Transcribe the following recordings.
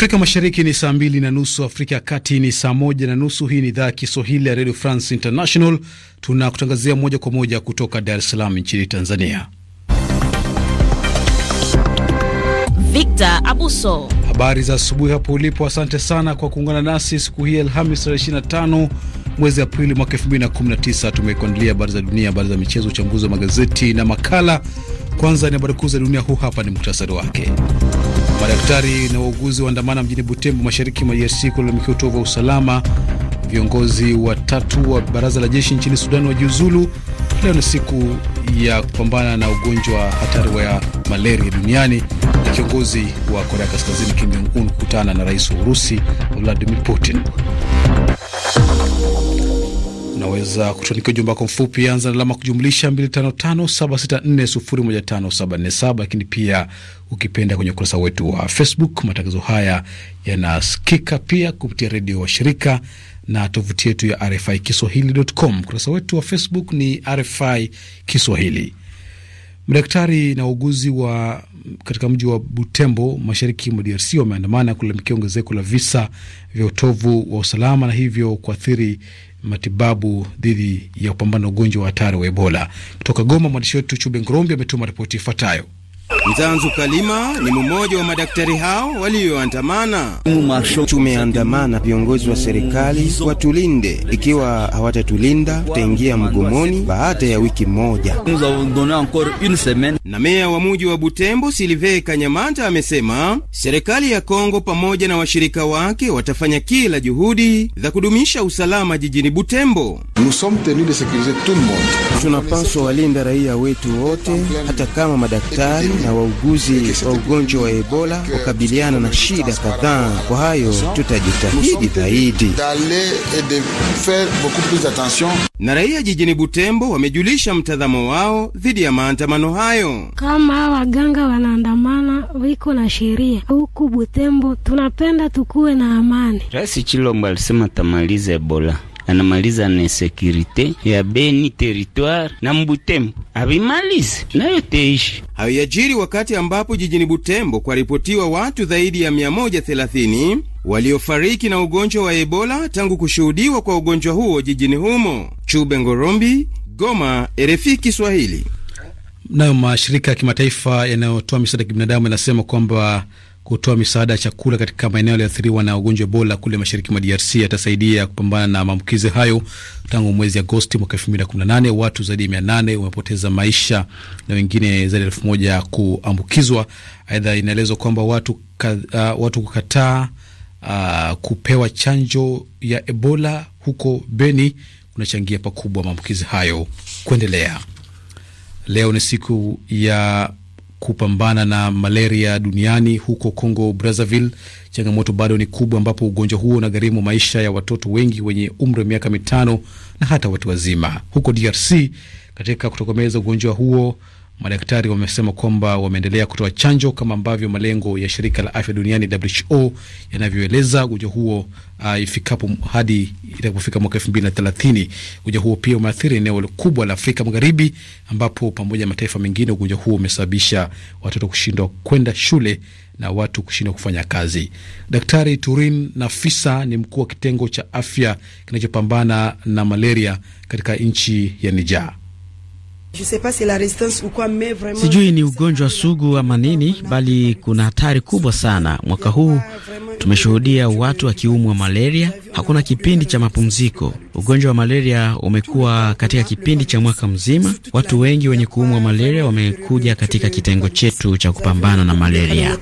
Afrika Mashariki ni saa mbili na nusu, Afrika ya Kati ni saa moja na nusu. Hii ni idhaa ya Kiswahili ya Radio France International, tunakutangazia moja kwa moja kutoka Dar es Salaam nchini Tanzania. Victor Abuso, habari za asubuhi hapo ulipo. Asante sana kwa kuungana nasi siku hii Alhamis 25 mwezi Aprili mwaka 2019. Tumekuandalia habari za dunia, habari za michezo, uchambuzi wa magazeti na makala. Kwanza ni habari kuu za dunia, huu hapa ni muktasari wake. Madaktari na wauguzi waandamana mjini Butembo, mashariki mwa DRC kulalamikia utovu wa usalama. Viongozi watatu wa baraza la jeshi nchini Sudan wajiuzulu. Leo ni siku ya kupambana na ugonjwa hatari wa malaria duniani, na kiongozi wa Korea Kaskazini Kim Jong Un kukutana na rais wa Urusi Vladimir Putin. Unaweza kutuandikia ujumbe wako mfupi, anza na alama kujumlisha 255764015747 lakini pia ukipenda kwenye ukurasa wetu wa Facebook. Matangazo haya yanasikika pia kupitia redio wa shirika na tovuti yetu ya RFI Kiswahili.com. Ukurasa wetu wa Facebook ni RFI Kiswahili. Madaktari na wauguzi wa katika mji wa Butembo mashariki mwa DRC wameandamana kulalamikia ongezeko la visa vya utovu wa usalama na hivyo kuathiri matibabu dhidi ya kupambana ugonjwa wa hatari wa Ebola. Kutoka Goma, mwandishi wetu Chube Ngrombi ametuma ripoti ifuatayo. Mzanzu Kalima ni mmoja wa madaktari hao walioandamana. Tumeandamana, viongozi wa serikali watulinde, ikiwa hawatatulinda tutaingia mgomoni baada ya wiki moja. Na meya wa muji wa Butembo Silive Kanyamata amesema serikali ya Kongo pamoja na washirika wake watafanya kila juhudi za kudumisha usalama jijini Butembo. Tunapaswa walinda raia wetu wote, hata kama madaktari na na wauguzi wa ugonjwa wa Ebola kukabiliana na shida kadhaa. Kwa hayo tutajitahidi zaidi. Na raia jijini Butembo wamejulisha mtazamo wao dhidi ya maandamano hayo. Kama waganga wanaandamana, wiko na sheria huku Butembo, tunapenda tukuwe na amani. Rais Chilombo alisema tamaliza Ebola anamaliza na insekurite ya Beni territoire na Mbutembo abimalize nayo teishi hayajiri, wakati ambapo jijini Butembo kwa ripotiwa watu zaidi ya 130 waliofariki na ugonjwa wa Ebola tangu kushuhudiwa kwa ugonjwa huo jijini humo. Chube Ngorombi, Goma, RFI Kiswahili. Nayo mashirika ya kimataifa yanayotoa misaada ya kibinadamu yanasema kwamba kutoa misaada ya chakula katika maeneo yaliyoathiriwa na ugonjwa Ebola kule mashariki mwa DRC yatasaidia kupambana na maambukizi hayo. Tangu mwezi Agosti mwaka 2018 watu zaidi ya nane wamepoteza maisha na wengine zaidi ya moja kuambukizwa. Aidha, inaelezwa kwamba watu, uh, watu kukataa uh, kupewa chanjo ya Ebola huko Beni kunachangia pakubwa maambukizi hayo kuendelea. Leo ni siku ya kupambana na malaria duniani. Huko Congo Brazzaville, changamoto bado ni kubwa, ambapo ugonjwa huo unagharimu maisha ya watoto wengi wenye umri wa miaka mitano na hata watu wazima. Huko DRC, katika kutokomeza ugonjwa huo Madaktari wamesema kwamba wameendelea kutoa chanjo kama ambavyo malengo ya shirika la afya duniani WHO yanavyoeleza ugonjwa huo uh, ifikapo hadi itakapofika mwaka elfu mbili na thelathini. Ugonjwa huo pia umeathiri eneo kubwa la Afrika Magharibi, ambapo pamoja na mataifa mengine, ugonjwa huo umesababisha watoto kushindwa kwenda shule na watu kushindwa kufanya kazi. Daktari Turin Nafisa ni mkuu wa kitengo cha afya kinachopambana na malaria katika nchi ya Nijaa. Sijui ni ugonjwa sugu ama nini, bali kuna hatari kubwa sana. Mwaka huu tumeshuhudia watu wakiumwa malaria, hakuna kipindi cha mapumziko. Ugonjwa wa malaria umekuwa katika kipindi cha mwaka mzima. Watu wengi wenye kuumwa malaria wamekuja katika kitengo chetu cha kupambana na malaria.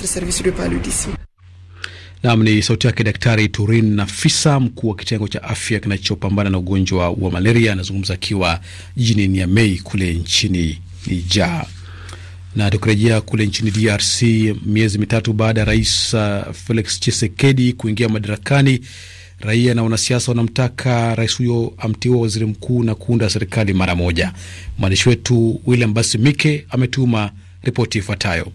Nam ni sauti yake Daktari Turin Nafisa, mkuu wa kitengo cha afya kinachopambana na ugonjwa wa malaria, anazungumza akiwa jijini Niamey kule nchini Nija. Na tukirejea kule nchini DRC, miezi mitatu baada ya rais uh, Felix Chisekedi kuingia madarakani, raia na wanasiasa wanamtaka rais huyo amtiwa waziri mkuu na kuunda serikali mara moja. Mwandishi wetu William Basimike ametuma ripoti ifuatayo.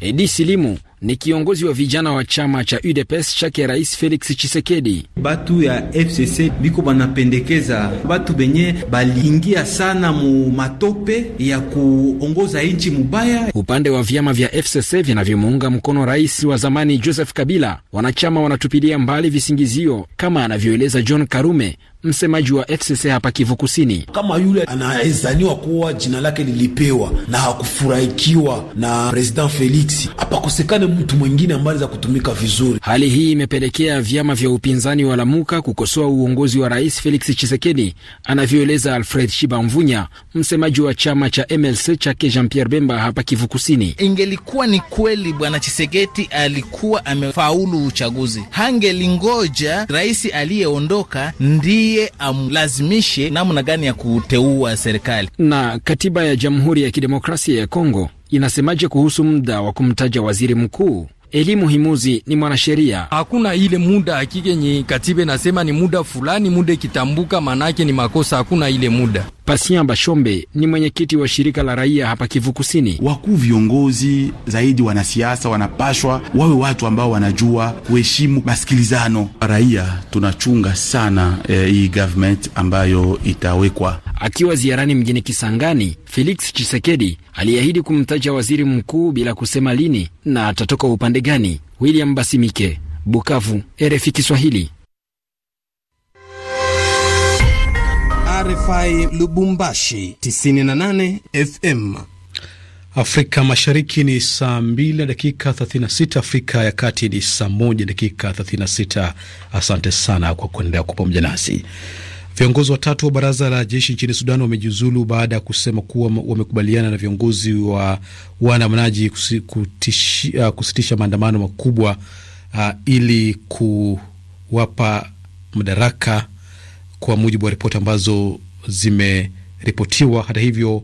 Edi Silimu ni kiongozi wa vijana wa chama cha UDPS chake Rais Felix chisekedi Batu ya FCC biko banapendekeza batu benye baliingia sana mu matope ya kuongoza nchi mubaya. Upande wa vyama vya FCC vinavyomuunga mkono rais wa zamani Joseph Kabila, wanachama wanatupilia mbali visingizio, kama anavyoeleza John Karume, msemaji wa FCC hapa Kivu Kusini. Kama yule anaezaniwa kuwa jina lake lilipewa na hakufurahikiwa na President Felix, hapakosekane mtu mwingine ambaye anaweza kutumika vizuri. Hali hii imepelekea vyama vya upinzani wa Lamuka kukosoa uongozi wa Rais Felix chisekedi anavyoeleza Alfred Shibamvunya, msemaji wa chama cha MLC chake Jean Pierre Bemba hapa Kivu Kusini. Ingelikuwa ni kweli bwana chisekedi alikuwa amefaulu uchaguzi, hangelingoja rais aliyeondoka ndiye ndiye amlazimishe namna gani ya kuteua serikali. Na katiba ya Jamhuri ya Kidemokrasia ya Kongo inasemaje kuhusu muda wa kumtaja waziri mkuu? Elimu Himuzi ni mwanasheria. Hakuna ile muda akike nye katiba inasema ni muda fulani, muda ikitambuka maanake ni makosa. Hakuna ile muda Pasia Bashombe ni mwenyekiti wa shirika la raia hapa Kivu Kusini. Wakuu viongozi zaidi wanasiasa wanapashwa wawe watu ambao wanajua kuheshimu masikilizano. Raia tunachunga sana hii eh, hii government ambayo itawekwa. Akiwa ziarani mjini Kisangani, Felix chisekedi aliahidi kumtaja waziri mkuu bila kusema lini na atatoka upande gani. William Basimike, Bukavu, RFI Kiswahili. RFI Lubumbashi 98 FM. Afrika Mashariki ni saa 2 na dakika 36, Afrika ya Kati ni saa 1 dakika 36. Asante sana kwa kuendelea kuwa pamoja nasi. Viongozi watatu wa baraza la jeshi nchini Sudan wamejiuzulu baada ya kusema kuwa wamekubaliana na viongozi wa waandamanaji kusitisha, ah, kusitisha maandamano makubwa uh, ili kuwapa madaraka kwa mujibu wa ripoti ambazo zimeripotiwa. Hata hivyo,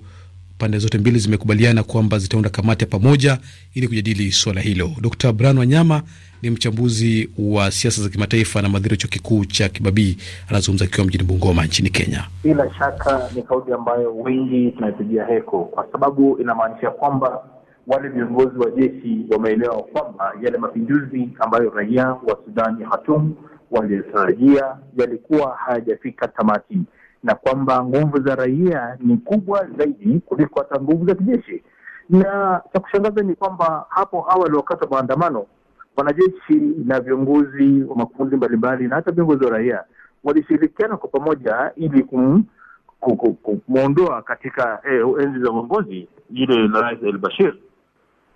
pande zote mbili zimekubaliana kwamba zitaunda kamati ya pamoja ili kujadili suala hilo. d bran Wanyama ni mchambuzi wa siasa za kimataifa na madhiri chuo kikuu cha Kibabii. Anazungumza akiwa mjini Bungoma nchini Kenya. Bila shaka ni kauli ambayo wengi tunaipigia heko, kwa sababu inamaanisha kwamba wale viongozi wa jeshi wameelewa kwamba yale mapinduzi ambayo raia wa Sudani hatumu waliotarajia yalikuwa hayajafika tamati, na kwamba nguvu za raia ni kubwa zaidi kuliko hata nguvu za kijeshi. Na cha kushangaza ni kwamba hapo awali, wakati wa maandamano, wanajeshi na viongozi wa makundi mbalimbali na hata viongozi wa raia walishirikiana kwa pamoja ili kumwondoa katika eh, enzi za uongozi ile la Rais El Bashir,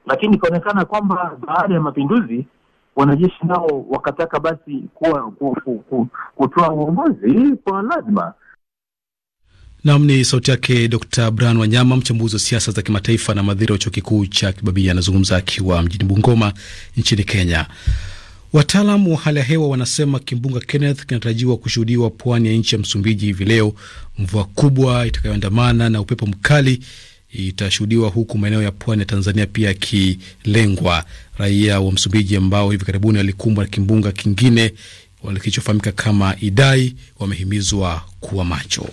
lakini ikaonekana kwamba baada ya mapinduzi wanajeshi nao wakataka basi kuwa kutoa uongozi kwa lazima. Nam ni sauti yake Dr Brian Wanyama, mchambuzi wa siasa za kimataifa na mhadhiri wa chuo kikuu cha Kibabii, anazungumza akiwa mjini Bungoma nchini Kenya. Wataalam wa hali ya hewa wanasema kimbunga Kenneth kinatarajiwa kushuhudiwa pwani ya nchi ya Msumbiji hivi leo. Mvua kubwa itakayoandamana na upepo mkali itashuhudiwa huku maeneo ya pwani ya Tanzania pia yakilengwa raia wa Msumbiji ambao hivi karibuni walikumbwa na kimbunga kingine kilichofahamika kama Idai wamehimizwa kuwa macho.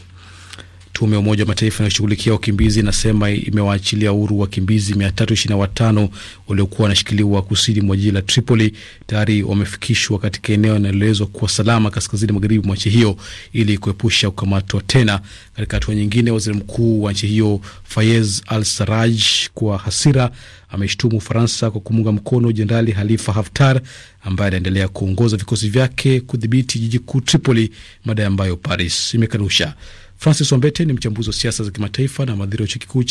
Tume ya Umoja wa Mataifa inayoshughulikia wakimbizi inasema imewaachilia huru wakimbizi 325 waliokuwa wanashikiliwa kusini mwa jiji la Tripoli. Tayari wamefikishwa katika eneo linaloelezwa kuwa salama kaskazini magharibi mwa nchi hiyo ili kuepusha kukamatwa tena. Katika hatua nyingine, waziri mkuu wa nchi hiyo Fayez Al Saraj kwa hasira ameshtumu Ufaransa kwa kumunga mkono Jenerali Halifa Haftar ambaye anaendelea kuongoza vikosi vyake kudhibiti jiji kuu Tripoli, madai ambayo Paris imekanusha. Francis Wambete ni mchambuzi wa siasa za kimataifa na mhadhiri wa chuo kikuu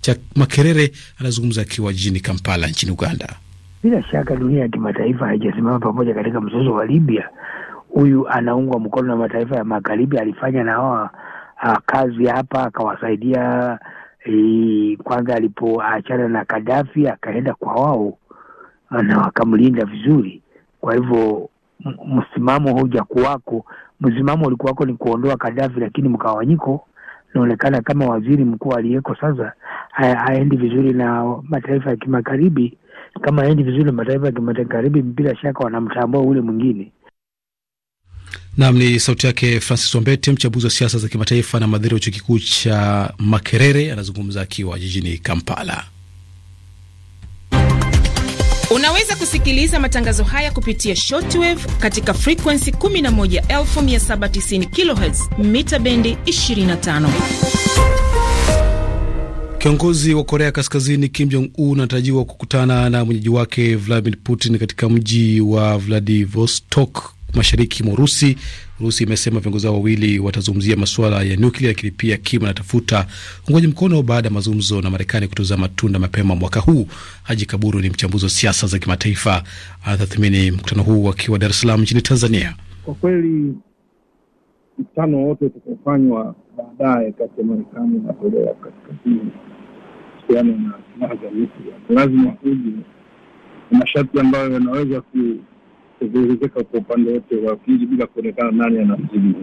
cha Makerere, anazungumza akiwa jijini Kampala nchini Uganda. Bila shaka dunia ya kimataifa haijasimama pamoja katika mzozo wa Libya. Huyu anaungwa mkono na mataifa ya magharibi, alifanya na wao kazi hapa, akawasaidia kwanza alipoachana na Kadafi akaenda kwa wao na wakamlinda vizuri. Kwa hivyo msimamo hoja kuwako, msimamo ulikuwako ni kuondoa Kadafi, lakini mkawanyiko naonekana kama waziri mkuu aliyeko sasa haendi vizuri na mataifa ya kimagharibi. Kama haendi vizuri na mataifa ya kimagharibi, bila shaka wanamtambua ule mwingine. Nam ni sauti yake Francis Wambete, mchambuzi wa siasa za kimataifa na madhiri wa chuo kikuu cha Makerere, anazungumza akiwa jijini Kampala. Unaweza kusikiliza matangazo haya kupitia shortwave katika frequency 11790 kHz mita bendi 25. Kiongozi wa Korea Kaskazini Kim Jong Un anatarajiwa kukutana na mwenyeji wake Vladimir Putin katika mji wa Vladivostok mashariki mwa Urusi. Urusi imesema viongozi hao wawili watazungumzia masuala ya nuklia, lakini pia Kim anatafuta ungoji mkono baada ya mazungumzo na Marekani kutoza matunda mapema mwaka huu. Haji Kaburu ni mchambuzi wa siasa za kimataifa, anatathmini mkutano huu akiwa Dar es Salaam nchini Tanzania. Kwa kweli mkutano wote utakaofanywa baadaye kati ya Marekani na Korea Kaskazini kuhusiana na silaha za nuklia lazima uje na masharti ambayo yanaweza ku kuongezeka kwa upande wote wa pili bila kuonekana nani anafsiri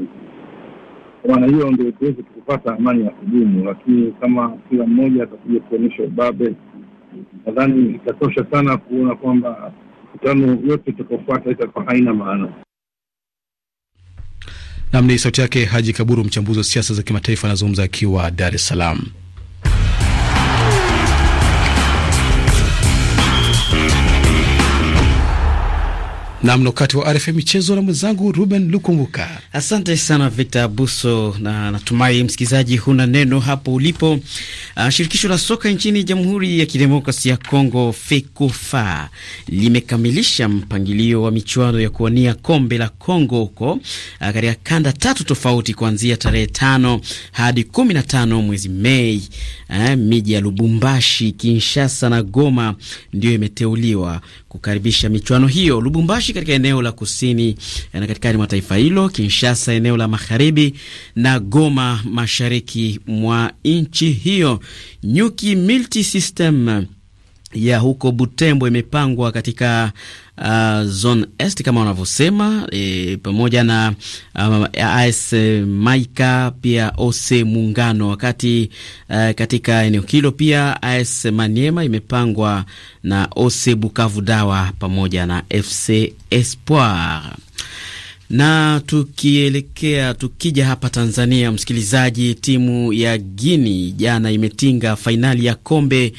kwa maana hiyo ndio tuweze kupata amani ya kudumu, lakini kama kila mmoja atakuja kuonyesha ubabe, nadhani itatosha sana kuona kwamba mkutano yote itakaofuata itakuwa haina maana. Nam ni sauti yake Haji Kaburu, mchambuzi wa siasa za kimataifa, anazungumza akiwa Dar es Salaam. Nam, na wakati wa RFM michezo na mwenzangu Ruben Lukumbuka. Asante sana Victor Abuso, na natumai msikilizaji huna neno hapo ulipo. Uh, shirikisho la soka nchini Jamhuri ya Kidemokrasi ya Congo FEKOFA limekamilisha mpangilio wa michuano ya kuwania kombe la Congo huko uh, katika kanda tatu tofauti kuanzia tarehe tano hadi kumi na tano mwezi Mei. Uh, miji ya Lubumbashi, Kinshasa na Goma ndiyo imeteuliwa kukaribisha michuano hiyo. Lubumbashi katika eneo la kusini eh, na katikati mwa taifa hilo, Kinshasa eneo la magharibi, na Goma mashariki mwa nchi hiyo. Nyuki Multisystem ya huko Butembo imepangwa katika uh, Zone Est kama wanavyosema e, pamoja na um, uh, AS Maika pia OC Muungano, wakati uh, katika eneo hilo pia AS Maniema imepangwa na OC Bukavu Dawa pamoja na FC Espoir na tukielekea tukija hapa Tanzania, msikilizaji, timu ya Guinea jana imetinga fainali ya kombe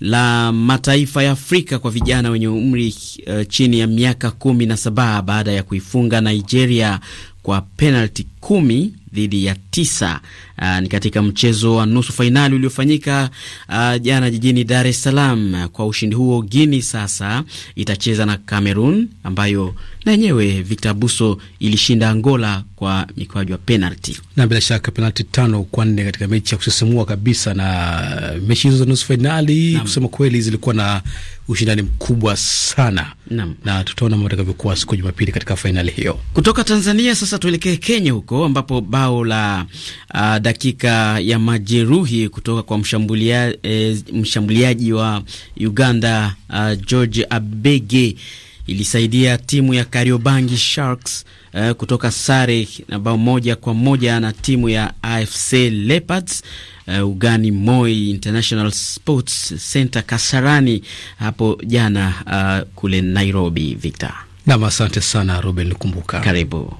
la mataifa ya Afrika kwa vijana wenye umri uh, chini ya miaka kumi na saba baada ya kuifunga Nigeria kwa penalti kumi dhidi ya tisa. Uh, ni katika mchezo wa nusu fainali uliofanyika uh, jana jijini Dar es Salaam. Kwa ushindi huo, Guini sasa itacheza na Cameroon ambayo na yenyewe Victor Buso ilishinda Angola kwa mikwaju ya penalti, na bila shaka penalti tano kwa nne katika mechi ya kusisimua kabisa. Na uh, mechi hizo za nusu fainali kusema kweli zilikuwa na ushindani mkubwa sana na, na tutaona mambo yatakavyokuwa siku Jumapili katika fainali hiyo. Kutoka Tanzania sasa sasa tuelekee Kenya huko ambapo bao la uh, dakika ya majeruhi kutoka kwa mshambulia, eh, mshambuliaji wa Uganda uh, George Abege ilisaidia timu ya Kariobangi Sharks uh, kutoka sare na bao moja kwa moja na timu ya AFC Leopards uh, ugani Moi International Sports Center Kasarani hapo jana uh, kule Nairobi. Victor nam, asante sana Ruben, kumbuka karibu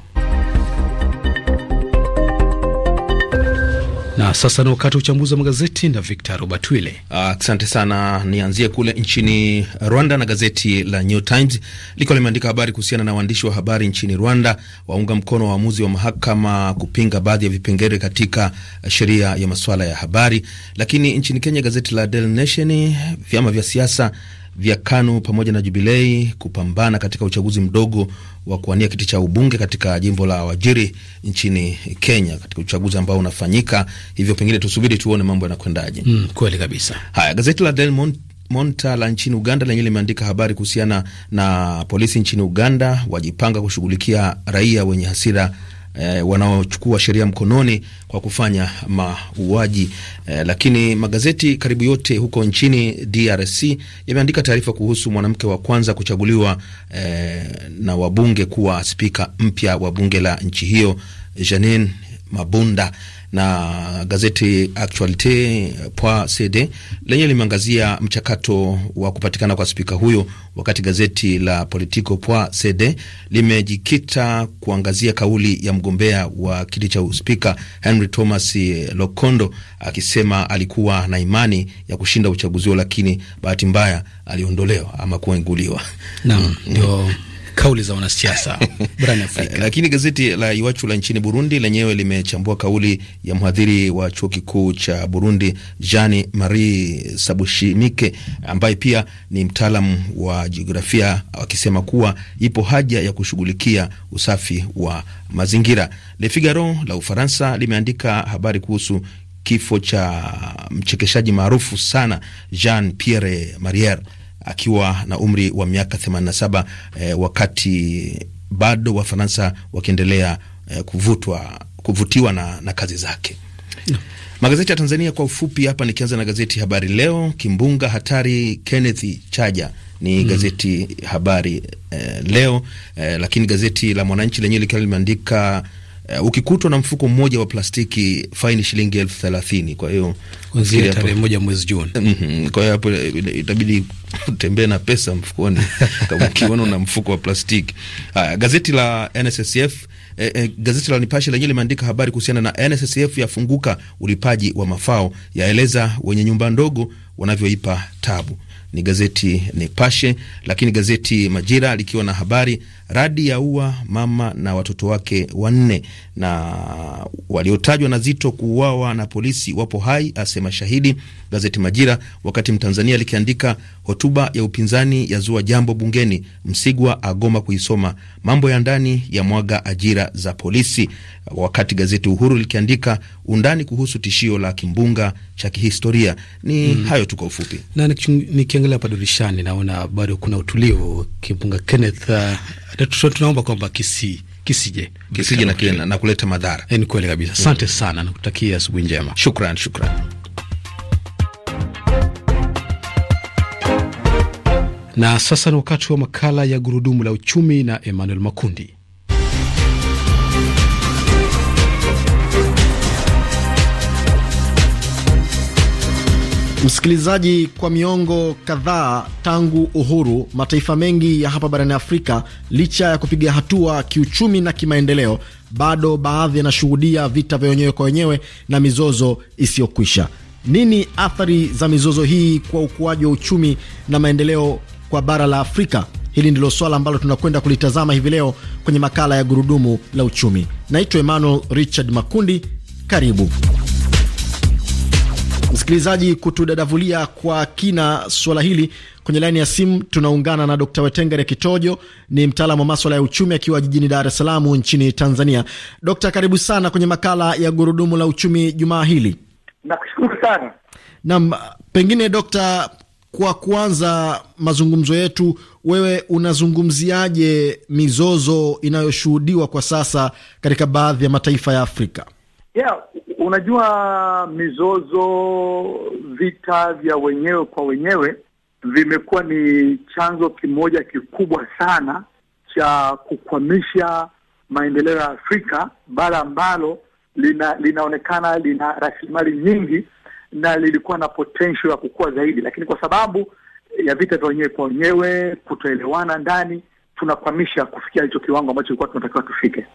Na sasa ni wakati wa uchambuzi wa magazeti na Victor Robert Wile. Asante uh, sana. Nianzie kule nchini Rwanda na gazeti la New Times likiwa limeandika habari kuhusiana na waandishi wa habari nchini Rwanda waunga mkono waamuzi wa mahakama kupinga baadhi ya vipengele katika sheria ya masuala ya habari. Lakini nchini Kenya, gazeti la Daily Nation, vyama vya siasa vya KANU pamoja na Jubilei kupambana katika uchaguzi mdogo wa kuwania kiti cha ubunge katika jimbo la Wajiri nchini Kenya, katika uchaguzi ambao unafanyika hivyo. Pengine tusubiri tuone mambo yanakwendaje. Mm, kweli kabisa. Haya, gazeti la Del Monte Monta la nchini Uganda lenyewe limeandika habari kuhusiana na polisi nchini Uganda wajipanga kushughulikia raia wenye hasira eh, wanaochukua sheria mkononi kwa kufanya mauaji eh, lakini magazeti karibu yote huko nchini DRC yameandika taarifa kuhusu mwanamke wa kwanza kuchaguliwa eh, na wabunge kuwa spika mpya wa bunge la nchi hiyo Janine Mabunda na gazeti Actualite Poi CD lenye limeangazia mchakato wa kupatikana kwa spika huyo, wakati gazeti la Politico Poi CD limejikita kuangazia kauli ya mgombea wa kiti cha uspika Henry Thomas Lokondo akisema alikuwa na imani ya kushinda uchaguzi huo, lakini bahati mbaya aliondolewa ama kuenguliwa. Naam, mm. ndio kauli za wanasiasa barani Afrika. Lakini gazeti la Iwachu la nchini Burundi lenyewe limechambua kauli ya mhadhiri wa chuo kikuu cha Burundi Jean Marie Sabushinike ambaye pia ni mtaalam wa jiografia akisema kuwa ipo haja ya kushughulikia usafi wa mazingira. Le Figaro la Ufaransa limeandika habari kuhusu kifo cha mchekeshaji maarufu sana Jean Pierre Mariere akiwa na umri wa miaka 87 eh, wakati bado Wafaransa wakiendelea eh, kuvutwa kuvutiwa na, na kazi zake no. Magazeti ya Tanzania kwa ufupi hapa, nikianza na gazeti Habari Leo, kimbunga hatari Kenneth Chaja ni hmm. gazeti Habari eh, Leo eh, lakini gazeti la Mwananchi lenyewe likiwa limeandika Uh, ukikutwa na mfuko mmoja wa plastiki faini shilingi elfu thelathini. Kwa hiyo kuanzia tarehe moja mwezi Juni. Mm -hmm. Kwa hiyo hapo eh, itabidi utembee na pesa mfukoni kama ukiona na mfuko wa plastiki. Haya, gazeti la NSSF E, eh, e, gazeti la Nipashe lenyewe limeandika habari kuhusiana na NSSF yafunguka ulipaji wa mafao, yaeleza wenye nyumba ndogo wanavyoipa tabu. Ni gazeti Nipashe, lakini gazeti Majira likiwa na habari Radi ya ua mama na watoto wake wanne, na waliotajwa na Zito kuuawa na polisi wapo hai, asema shahidi gazeti Majira, wakati Mtanzania likiandika hotuba ya upinzani yazua jambo bungeni, Msigwa agoma kuisoma, mambo ya ndani ya mwaga ajira za polisi, wakati gazeti Uhuru likiandika undani kuhusu tishio la kimbunga cha kihistoria. Ni mm. hayo tu kwa ufupi, na nikiangalia hapa dirishani naona bado kuna utulivu. Kimbunga Kenneth uh, tunaomba kwamba kisi kisije kisije na kile na kuleta madhara. Yaani ni kweli kabisa. Asante mm -hmm. sana, nakutakia asubuhi njema. Shukran, shukran. Na sasa ni wakati wa makala ya gurudumu la uchumi na Emmanuel Makundi. Msikilizaji, kwa miongo kadhaa tangu uhuru, mataifa mengi ya hapa barani Afrika, licha ya kupiga hatua kiuchumi na kimaendeleo, bado baadhi yanashuhudia vita vya wenyewe kwa wenyewe na mizozo isiyokwisha. Nini athari za mizozo hii kwa ukuaji wa uchumi na maendeleo kwa bara la Afrika? Hili ndilo swala ambalo tunakwenda kulitazama hivi leo kwenye makala ya Gurudumu la Uchumi. Naitwa Emmanuel Richard Makundi, karibu. Msikilizaji, kutudadavulia kwa kina suala hili kwenye laini ya simu tunaungana na Dkt. Wetengere Kitojo, ni mtaalamu wa maswala ya uchumi akiwa jijini Dar es Salaam nchini Tanzania. Dokta, karibu sana kwenye makala ya gurudumu la uchumi jumaa hili. Nakushukuru sana. nam. pengine dkt kwa kuanza mazungumzo yetu, wewe unazungumziaje mizozo inayoshuhudiwa kwa sasa katika baadhi ya mataifa ya Afrika? Yeah, Unajua, mizozo, vita vya wenyewe kwa wenyewe vimekuwa ni chanzo kimoja kikubwa sana cha kukwamisha maendeleo ya Afrika, bara ambalo lina, linaonekana lina rasilimali nyingi na lilikuwa na potential ya kukua zaidi, lakini kwa sababu ya vita vya wenyewe kwa wenyewe, kutoelewana ndani, tunakwamisha kufikia hicho kiwango ambacho ilikuwa tunatakiwa tufike.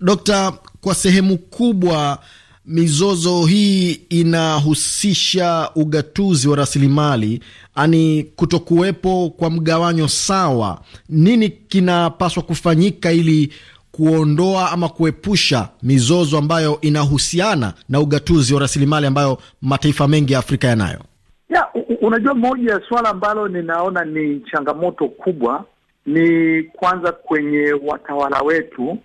Dokta, kwa sehemu kubwa Mizozo hii inahusisha ugatuzi wa rasilimali, kuto kutokuwepo kwa mgawanyo sawa. Nini kinapaswa kufanyika ili kuondoa ama kuepusha mizozo ambayo inahusiana na ugatuzi wa rasilimali ambayo mataifa mengi ya Afrika yanayo? Ya, unajua moja ya suala ambalo ninaona ni changamoto kubwa ni kwanza kwenye watawala wetu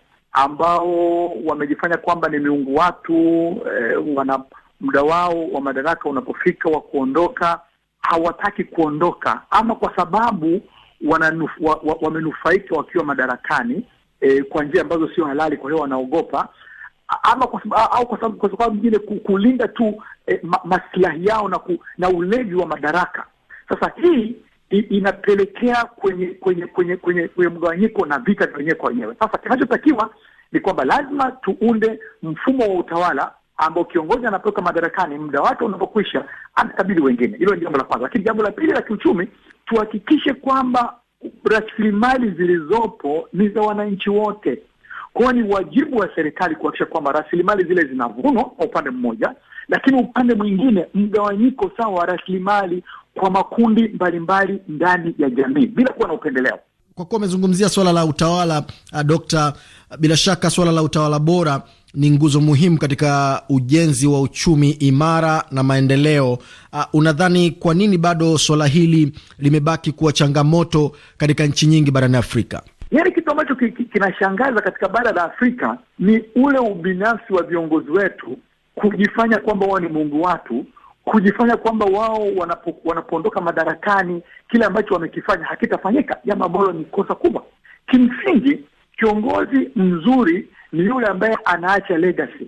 ambao wamejifanya kwamba ni miungu watu eh, wana muda wao wa madaraka unapofika wa kuondoka hawataki kuondoka, ama kwa sababu wamenufaika wa, wa wakiwa madarakani eh, kwa njia ambazo sio halali, kwa hiyo wanaogopa ama kwa sababu, au kwa sababu, kwa sababu nyingine kulinda tu eh, maslahi yao na, ku, na ulevi wa madaraka. Sasa hii inapelekea kwenye kwenye kwenye kwenye kwenye mgawanyiko na vita vya wenyewe kwa wenyewe. Sasa kinachotakiwa ni kwamba lazima tuunde mfumo wa utawala ambao kiongozi anapotoka madarakani, muda wake unapokwisha, anakabidhi wengine. Hilo ni jambo la kwanza, lakini jambo la pili la kiuchumi, tuhakikishe kwamba rasilimali zilizopo ni za wananchi wote. Kwa ni wajibu wa serikali kuhakikisha kwamba rasilimali zile zinavunwa kwa upande mmoja, lakini upande mwingine mgawanyiko sawa wa rasilimali kwa makundi mbalimbali mbali ndani ya jamii bila kuwa na upendeleo. Kwa kuwa umezungumzia swala la utawala uh, Dokta, uh, bila shaka swala la utawala bora ni nguzo muhimu katika ujenzi wa uchumi imara na maendeleo. Uh, unadhani kwa nini bado swala hili limebaki kuwa changamoto katika nchi nyingi barani Afrika? Yaani, kitu ambacho kinashangaza katika bara la Afrika ni ule ubinafsi wa viongozi wetu kujifanya kwamba wao ni Mungu watu kujifanya kwamba wao wanapo, wanapoondoka madarakani kile ambacho wamekifanya hakitafanyika, jambo ambalo ni kosa kubwa. Kimsingi, kiongozi mzuri ni yule ambaye anaacha legacy,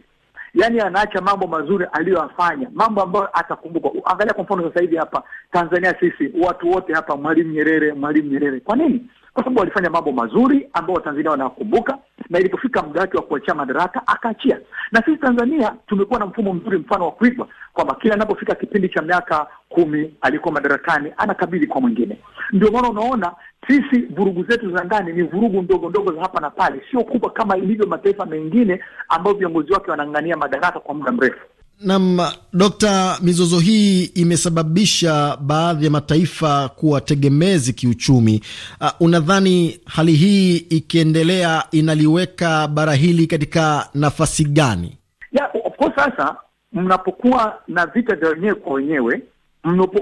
yani anaacha mambo mazuri aliyoyafanya, mambo ambayo atakumbukwa. Angalia kwa mfano sasa hivi hapa Tanzania, sisi watu wote hapa, Mwalimu Nyerere, Mwalimu Nyerere. Kwa nini? kwa sababu walifanya mambo mazuri ambao Watanzania wanakumbuka na ilipofika muda wake wa kuachia madaraka akaachia. Na sisi Tanzania tumekuwa na mfumo mzuri, mfano wa kuigwa kwamba kila anapofika kipindi cha miaka kumi alikuwa madarakani anakabidhi kwa mwingine. Ndio maana unaona sisi vurugu zetu za ndani ni vurugu ndogo ndogo za hapa na pale, sio kubwa kama ilivyo mataifa mengine ambayo viongozi wake wanangangania madaraka kwa muda mrefu. Nam Dokta, mizozo hii imesababisha baadhi ya mataifa kuwa tegemezi kiuchumi. Uh, unadhani hali hii ikiendelea inaliweka bara hili katika nafasi gani? Yeah, of course. Sasa mnapokuwa na vita vya wenyewe kwa wenyewe,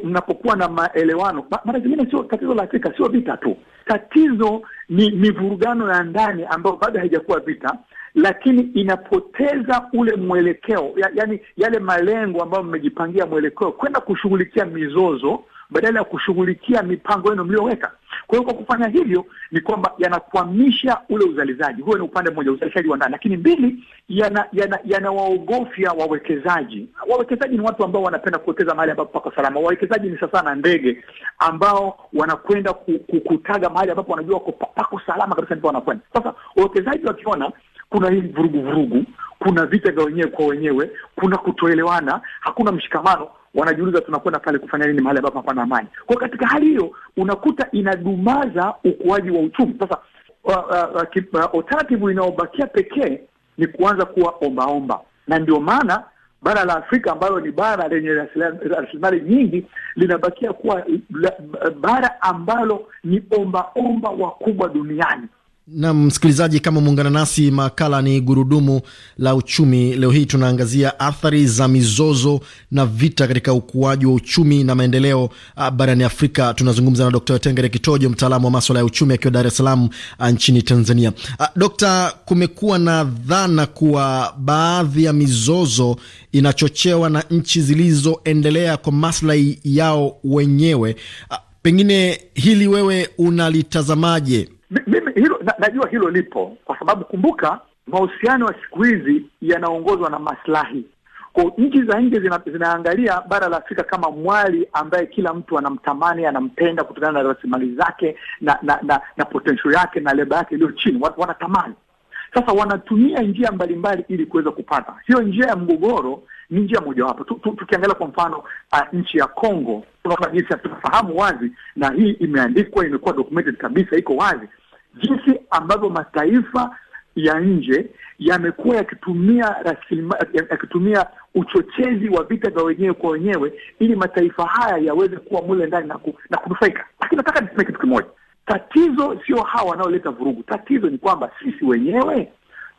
mnapokuwa na maelewano, mara zingine sio tatizo la Afrika, sio vita tu, tatizo ni mivurugano ya ndani ambayo bado haijakuwa vita lakini inapoteza ule mwelekeo ya, yani yale malengo ambayo mmejipangia mwelekeo kwenda kushughulikia mizozo badala ya kushughulikia mipango yenu mliyoweka. Kwa hiyo kwa kufanya hivyo ni kwamba yanakwamisha ule uzalishaji. Huo ni upande mmoja, uzalishaji wa ndani, lakini mbili, yanawaogofya yana, yana wawekezaji. Wawekezaji ni watu ambao wanapenda kuwekeza mahali ambapo pako salama. Wawekezaji ni sasa na ndege ambao wanakwenda kukutaga mahali ambapo wanajua pako salama kabisa, ndipo wanakwenda sasa. Wawekezaji wakiona kuna hii vurugu vurugu, kuna vita vya wenyewe kwa wenyewe, kuna kutoelewana, hakuna mshikamano. Wanajiuliza tunakwenda pale kufanya nini mahali ambapo hapana amani? Kwa katika hali hiyo unakuta inadumaza ukuaji wa uchumi. Sasa alternativu uh, uh, uh, uh inayobakia pekee ni kuanza kuwa ombaomba, na ndio maana bara la Afrika ambalo ni bara lenye rasilimali nyingi linabakia kuwa bara ambalo ni ombaomba wakubwa duniani. Na msikilizaji, kama muungana nasi, makala ni gurudumu la uchumi. Leo hii tunaangazia athari za mizozo na vita katika ukuaji wa uchumi na maendeleo ah, barani Afrika. Tunazungumza na Dr. Tengere Kitojo, mtaalamu wa maswala ya uchumi akiwa Dar es Salaam ah, nchini Tanzania. Ah, dokta, kumekuwa na dhana kuwa baadhi ya mizozo inachochewa na nchi zilizoendelea kwa maslahi yao wenyewe. Pengine hili wewe unalitazamaje? mimi hilo na, najua hilo lipo kwa sababu kumbuka, mahusiano ya siku hizi yanaongozwa na maslahi. Kwa nchi za nje zina, zinaangalia bara la Afrika kama mwali ambaye kila mtu anamtamani anampenda kutokana na rasilimali zake na na, na, na potential yake na leba yake iliyo chini, watu wanatamani sasa wanatumia njia mbalimbali ili kuweza kupata hiyo. Njia ya mgogoro ni njia mojawapo. Tukiangalia kwa mfano uh, nchi ya Congo tunaona tunafahamu wazi, na hii imeandikwa, imekuwa documented kabisa, iko wazi jinsi ambavyo mataifa ya nje yamekuwa yakitumia yakitumia uchochezi wa vita vya wenyewe kwa wenyewe ili mataifa haya yaweze kuwa mule ndani na, ku, na kunufaika. Lakini nataka niseme kitu kimoja, tatizo sio hawa wanaoleta vurugu. Tatizo ni kwamba sisi wenyewe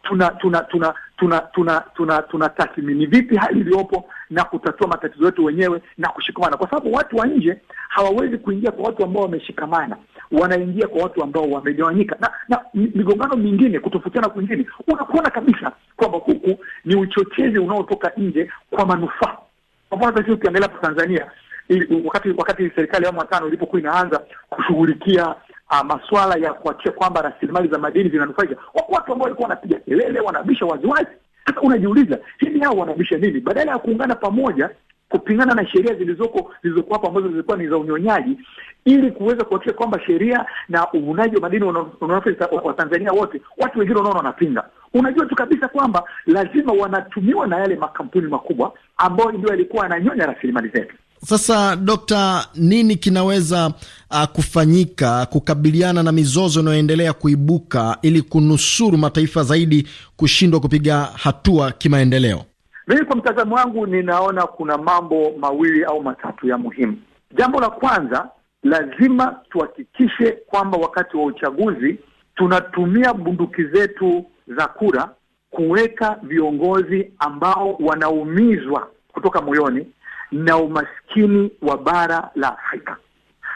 tuna tuna tuna tuna tuna tuna tunatathmini vipi hali iliyopo na kutatua matatizo yetu wenyewe na kushikamana, kwa sababu watu wa nje hawawezi kuingia kwa watu ambao wameshikamana wanaingia kwa watu ambao wamegawanyika, na na migongano mingine, kutofautiana kwingine, unakuona kabisa kwamba huku ni uchochezi unaotoka nje kwa manufaa. Kwa mfano, sisi ukiangalia hapa Tanzania ili, wakati wakati serikali ya awamu ilipokuwa inaanza kushughulikia uh, maswala ya kuachia kwamba rasilimali za madini zinanufaisha, watu ambao walikuwa wanapiga kelele, wanabisha waziwazi. Sasa unajiuliza hivi hao wanabisha nini? Badala ya kuungana pamoja kupingana na sheria zilizoko zilizokuwa hapo ambazo zilikuwa ni za unyonyaji, ili kuweza kuhakikisha kwamba sheria na uvunaji wa madini wa tanzania wote. Watu wengine unaona wanapinga, unajua tu kabisa kwamba lazima wanatumiwa na yale makampuni makubwa ambayo ndio yalikuwa yananyonya rasilimali zetu. Sasa dokta, nini kinaweza uh, kufanyika kukabiliana na mizozo inayoendelea kuibuka ili kunusuru mataifa zaidi kushindwa kupiga hatua kimaendeleo? Mimi kwa mtazamo wangu ninaona kuna mambo mawili au matatu ya muhimu. Jambo la kwanza, lazima tuhakikishe kwamba wakati wa uchaguzi tunatumia bunduki zetu za kura kuweka viongozi ambao wanaumizwa kutoka moyoni na umaskini wa bara la Afrika,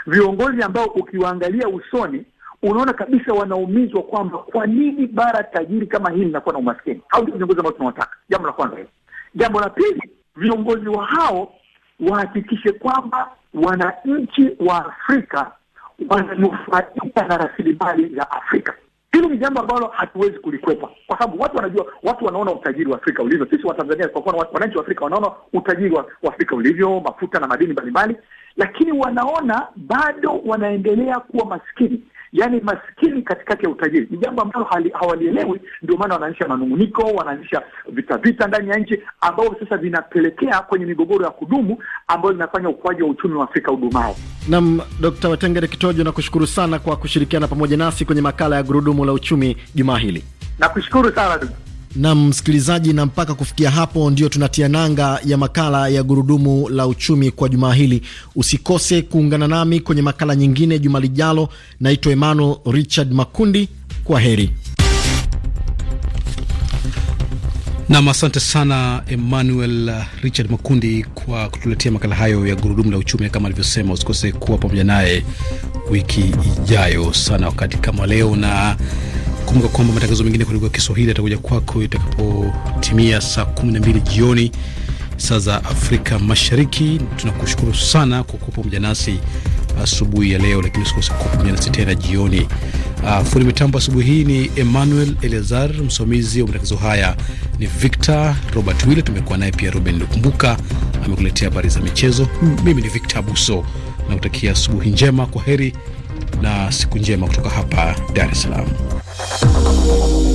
viongozi ambao ukiwaangalia usoni unaona kabisa wanaumizwa, kwamba kwa nini bara tajiri kama hili linakuwa na umaskini. Hao ndio viongozi ambao tunawataka. Jambo la kwanza hilo. Jambo la pili, viongozi wa hao wahakikishe kwamba wananchi wa Afrika wananufaika na rasilimali za Afrika. Hilo ni jambo ambalo hatuwezi kulikwepa, kwa sababu watu wanajua, watu wanaona utajiri wa Afrika ulivyo. Sisi Watanzania kwa kuwa wananchi wa Afrika wanaona utajiri wa, wa Afrika ulivyo, mafuta na madini mbalimbali, lakini wanaona bado wanaendelea kuwa maskini yani maskini katikati ya utajiri. Ni jambo ambalo hawalielewi, ndio maana wanaanzisha manunguniko, wanaanzisha vita vita ndani ya nchi ambao sasa vinapelekea kwenye migogoro ya kudumu ambayo inafanya ukuaji wa uchumi wa Afrika udumao. nam Dkt. Watengere Kitojo, nakushukuru sana kwa kushirikiana pamoja nasi kwenye makala ya gurudumu la uchumi jumaa hili. Nakushukuru sana. Na msikilizaji, na mpaka kufikia hapo ndio tunatia nanga ya makala ya gurudumu la uchumi kwa jumaa hili. Usikose kuungana nami kwenye makala nyingine juma lijalo. Naitwa Emmanuel Richard Makundi, kwa heri. Nam, asante sana Emmanuel Richard Makundi kwa kutuletea makala hayo ya gurudumu la uchumi. Kama alivyosema, usikose kuwa pamoja naye wiki ijayo sana wakati kama leo na Kumbuka kwamba matangazo mengine kwa lugha ya Kiswahili yatakuja kwako itakapotimia saa 12 jioni saa za Afrika Mashariki. Tunakushukuru sana kwa kuwa pamoja nasi asubuhi ya leo, lakini usikose kuwa pamoja nasi tena jioni. Uh, fundi mitambo asubuhi hii ni Emmanuel Eleazar, msimamizi wa matangazo haya ni Victor Robert Wille, tumekuwa naye pia Ruben Lukumbuka amekuletea habari za michezo. Mimi ni Victor Abuso na kutakia asubuhi njema, kwa heri na siku njema kutoka hapa Dar es Salaam. Thank you.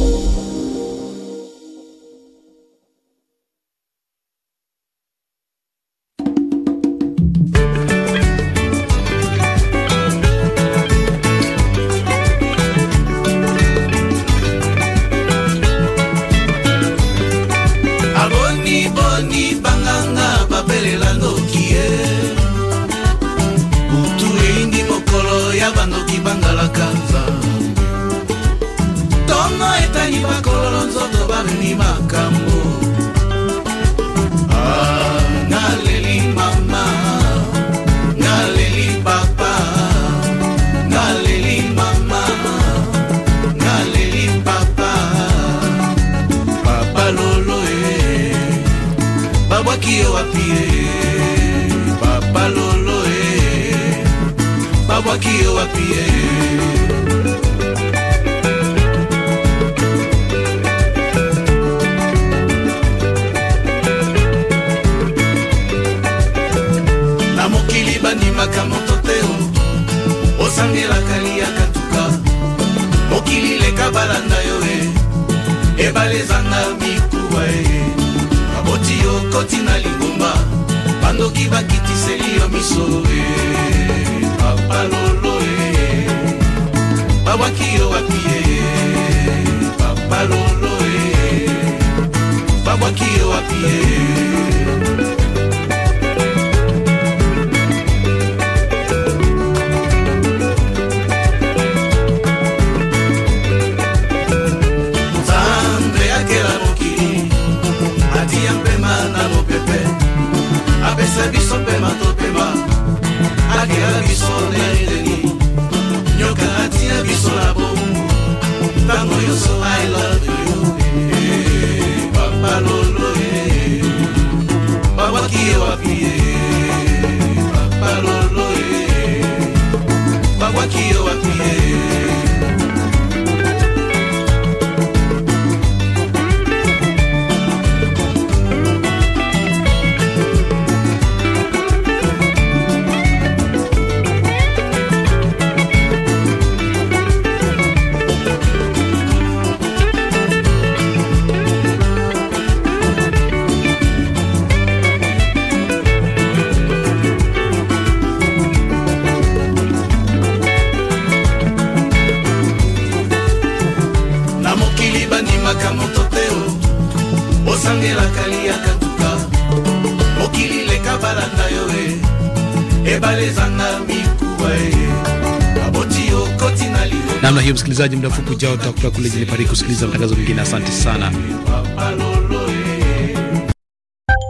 ezanga mikuwa ye baboti yo koti na lingumba bandoki bakitiseli yo miso e papa lolo e babwaki yo wapi ye papa lolo e babwaki yo wapi ye pesa biso pema to pema akela biso na edeni nyoka atia biso na ntango i love you papa lolo babwaki ye wapi ye msikilizaji, muda mfupi ujao tutakutana kule jijini Paris kusikiliza matangazo mengine. Asante sana.